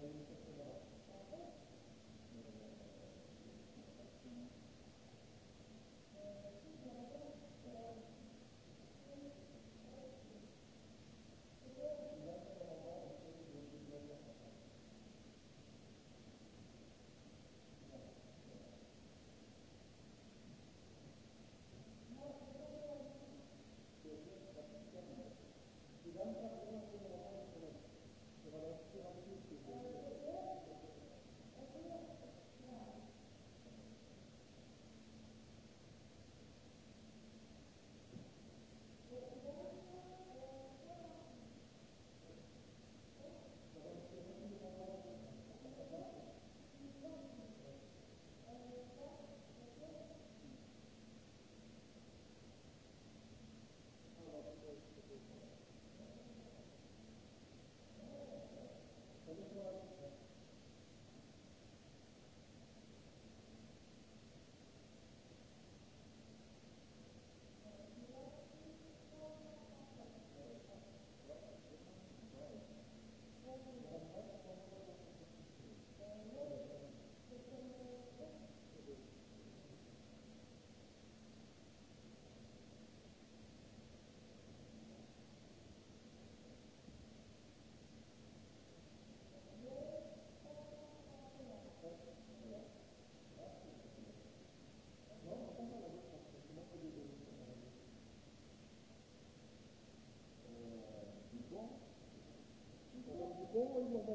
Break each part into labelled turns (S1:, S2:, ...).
S1: Hvala da da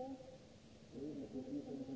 S1: u